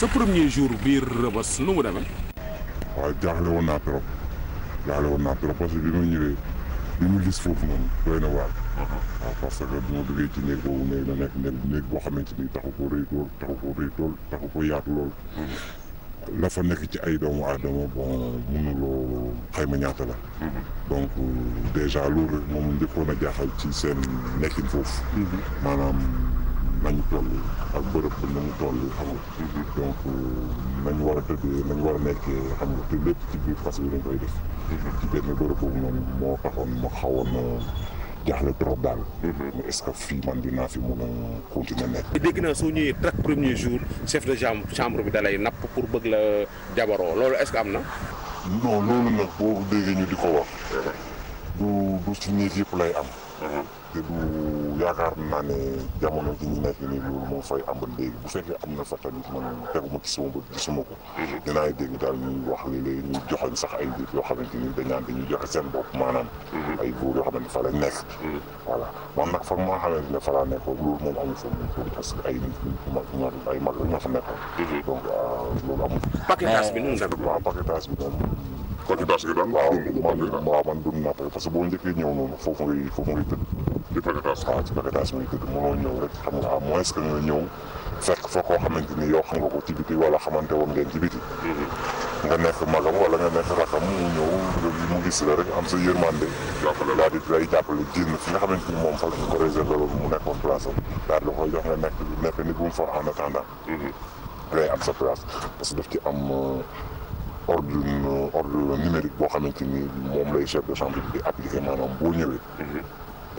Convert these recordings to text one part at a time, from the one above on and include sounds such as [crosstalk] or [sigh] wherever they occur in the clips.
sa premier jour biir rëbës nu mu demee. waaw jaaxle woon naa trop jaaxle woon naa trop parce que bi ma ñëwee li mu gis foofu noonu doy na waar. waaw uh-huh. ah, parce que bi ma duggee ci néeg boobu nekk néeg boo xamante ni taxu ko rëy lool taxu ko rëy lool taxu ko yaatu lool. Uh-huh. la fa nekk ci ay doomu aadama bon mënuloo xayma ñaata la. Uh-huh. donc euh, déjà loolu rek moom njëkkoon a jaaxal ci seen nekkin foofu. maanaam. nañ toll ak bërëb bi nañ toll xam nga toujours donc nañ war a tëddee nañ war a nekkee xam nga te lépp ci biir fas bi dañ koy def. ci benn bërëb boobu noonu moo taxoon daal. Mhm. est-ce que fii fi mën a continuer nekk. dégg naa soo ñëwee chaque premier jour chef de chambre bi dalay napp pour bëgg la jabaroo loolu est-ce am na. non loolu nag boo déggee ñu di ko wax. Mhm. du du ci am. Mhm. te du. yaakaar naa ne jamono ji ñu nekk nii loolu moo fay amal léegi bu fekkee am na fa tamit man teguma ci sama bët gisuma ko dinaay dégg daal ñuy wax léeg-léeg ñu joxoñ sax ay nit yoo xamante ni dañaan dañuy joxe seen bopp maanaam ay góor yoo xamante fa lañ nekk voilà man nag fa ma xamante ne fa laa nekkoon loolu moom amu fa moom parce que ay nit ñu mag ay mag la ñoo fa nekkoon donc loolu amu paquetage bi waaw paquetage bi moom paquetage bi daal waaw man waaw man dund naa parce que boo njëkkee ñëw noonu foofu ngay foofu ngay tëdd di paquetage waaw ci paquetage muy tëdd mënoo ñëw rek xam nga à moins que nga ñëw fekk fa koo xamante ni yow xam nga ko ci biti wala xamante woon ngeen ci biti nga nekk magam wala nga nekk rakam mu ñëw mu gis la rek am sa yërmande daal di lay jàppale génn fi nga xamante ni moom fa lañ ko réservé loolu mu nekkoon place am daal la koy jox nga nekk nekk ni bu mu fa en attendant day am sa place parce que daf ci am ordre ordre numérique boo xamante ni moom lay chef de chambre bi appliqué maanaam boo ñëwee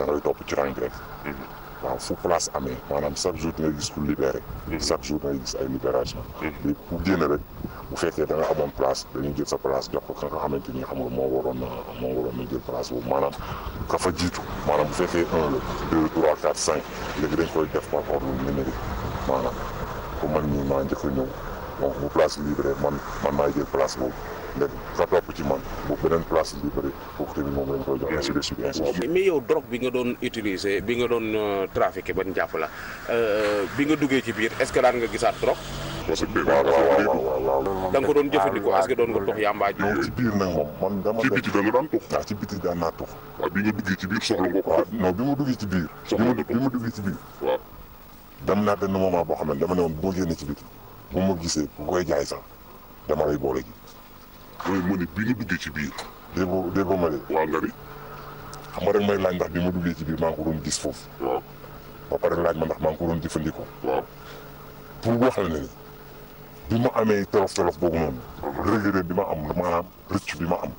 da ngay topp ci rang bi rek. Mhm. waaw fu place amee maanaam chaque jour ngay gis ku libéré. Mhm. chaque jour ngay gis ay libération. Mhm. ku génn rek bu fekkee da nga amoon place dañuy jël sa place jox ko ka nga xamante ni xam nga moo waroon na moo waroon na jël place boobu maanaam ka fa jiitu maanaam bu fekkee un la deux trois quatre cinq léegi dañ koy def par ordre numérique maanaam ku man mii maa njëkk a ñëw donc bu place libéré man man maay jël place boobu. leen rattrapé ci man bu beneen place bi bëri foofu tamit yow drogue bi nga doon utiliser bi nga doon euh, trafiqué ban jàpp la euh, bi nga duggee ci biir est-ce que daan nga gisaat drogue parce que waaw waaw waaw da ko doon jëfandikoo est-ce que doon nga tox yàmbaa ji ci biir nag moom man dama ci da nga daan tox bi nga duggee ci biir soxla nga ko non bi ma duggee ci biir bi ma duggee ci biir naa boo xam ne dama ne woon bu ma génnee ci biti bu ma gisee bu koy jaay sax dama lay boole ji mooy mënit bi nga duggee ci biir. déggoo déggoo ma de. waaw nga ni. xam nga rek may laaj ndax bi ma duggee ci biir maa ngi ko doon gis foofu. waaw ba pare laaj ma ndax maa ngi ko doon jëfandikoo. waaw pour wax la ne nii bi ma amee tolof tolof boobu noonu. regret bi ma am maanaam rëcc bi ma am.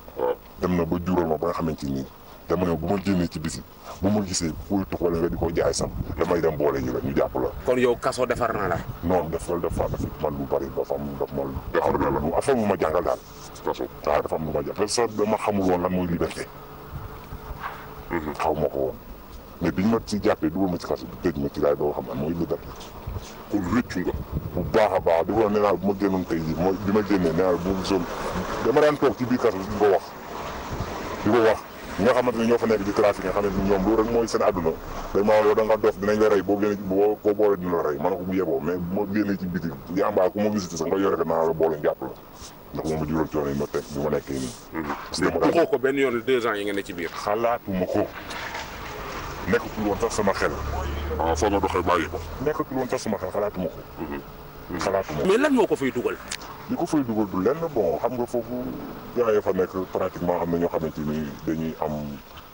dem na ba jural ma ba nga xamante ni. dama ne bu ma génnee ci bisi bu ma gisee kuy tux wala nga di ko jaay sam damay dem boole ñu la ñu jàpp la. kon yow kaso defar naa la. non def loolu def faa def man lu bari dafa am dafa ma defar na la ma jàngal daal kaso. waaw dafa am lu dama xamul woon lan mooy liberté. Mhm. xaw ma ko woon mais biñ ma ci jàppee dugal ma ci kaso bi tëj ma ci doo xam lan mooy liberté. kon rëccu nga. bu baax a baax di ko nee naa bu ma génnoon tey jii mooy bi ma génnee nee naa bu zone dama daan toog ci biir kaso di ko wax di ko wax. ñi nga xamante ni ñoo fa nekk di trafic nga xam ne ñoom loolu rek mooy seen àdduna dañ ma yow da nga dof dinañ la rey boo génne boo koo boole dina la rey ma ne ko bu yeboo mais bu ma génnee coono yi ma teg bi ma nekkee nii. Mhm. parce ko benn yoon deux ans yi nga ne ci biir. xalaatuma ko nekkatul woon sax sama xel. waaw ah, foo nga doxee bàyyi ko. nekkatul woon sax sama xel xalaatuma ko. Mhm. Mhm. xalaatuma ko mais lan ko fay dugal. li ko fay dugal du lenn bon xam nga foofu gars yi fa nekk pratiquement am na ñoo xamante ni dañuy am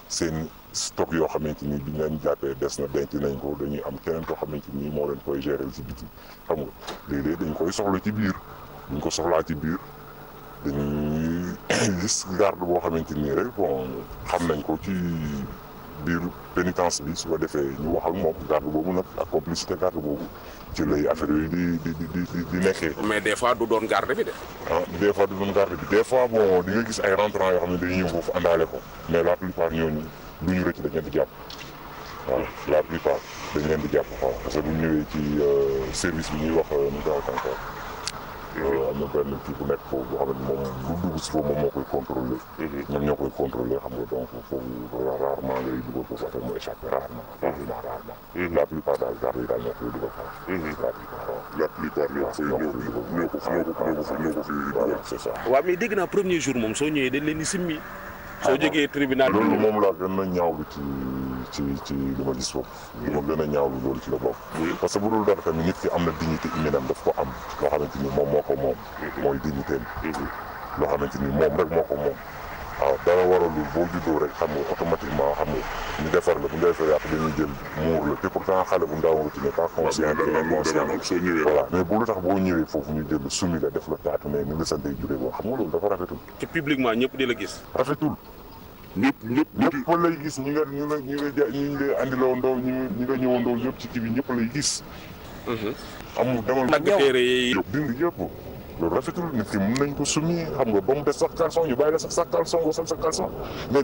seen stock yoo xamante ni bi ñu leen jàppee des na denc nañ ko dañuy am keneen koo xamante ni moo leen koy gérer ci biti xam nga léeg dañ koy soxla ci biir dañ ko soxlaa ci biir dañuy [coughs] gis garde boo xamante nii rek bon xam nañ ko ci biir pénitence bi su ko defee ñu wax ak moom garde boobu nag ak complicité garde boobu ci lay affaire yooyu di di di nekkee. mais des du doon garde bi de. ah des fois du doon garde bi des fois bon di gis ay rentrants yoo xam ne dañuy foofu àndaale ko mais la plupart ñooñu du ñu rëcc dañ di jàpp waaw la plupart dañ leen di jàpp waaw parce que bu ñu ñëwee ci euh, service bi ñuy wax euh, nu mu Euh, am na benn kii bu nekk foofu boo xam ne moom lu dugg si foofu moom moo koy contrôlé. ñoom ñoo koy contrôlé xam nga donc foofu rarement ngay dugal foofu affaire mooy échappé rarement. rarement. Mm-hmm. la plupart yi daal mm-hmm. ko ñoo ko ñoo ko ñoo ko fi dugal. c'est ça. naa premier jour moom soo ñëwee dañ leen di simmi. soo jegee tribunal loolu moom laa gën a ñaawlu ci ci ci li ma gis foofu li ma gën a ñaawlu loolu ci la bokk parce que bu dul dara tamit nit ki am na dignité humaine daf ko am loo xamante ni moom moo ko moom mm-hmm. mooy dignité mm-hmm. loo xamante ni moom rek moo ko moom waaw dara waralul boo juddoo rek xam nga automatiquement xam nga ñu defar la bu ñu defee yàq dañuy jël muur la te pourtant xale bu ndaw nga ci ne pas conscient voilà mais bu lu tax boo ñëwee foofu ñu jël sumi la def la taatu ne ni la sa ndey juree boo xam nga loolu dafa rafetul ci publiquement ñëpp di la gis rafetul ñëpp ñëpp ñëpp lay gis ñi nga ñu nga ñu nga ñu nga andiloo ndoo ñu ñi nga ñëwandoo yëpp ci kii bi ñëpp lay gis mhm. amul demal nag téere yi dindi yëpp loolu rafetul nit ki mën nañ ko summi xam nga ba mu des sax caleçon ñu bàyyi la sax sax caleçon nga sax caleçon mais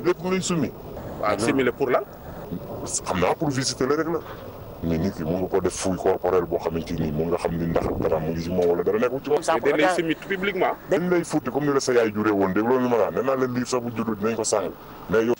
lépp ah, la rek la. mais nit ki mun nga ko def fouille corporelle boo xamante nga xam ni ndax dara mu ngi ci moom dara nekkul ci moom. dañ sa yaay juree woon dégg loolu ma la wax naa leen lii sax bu juddu dinañ ko sàngal mais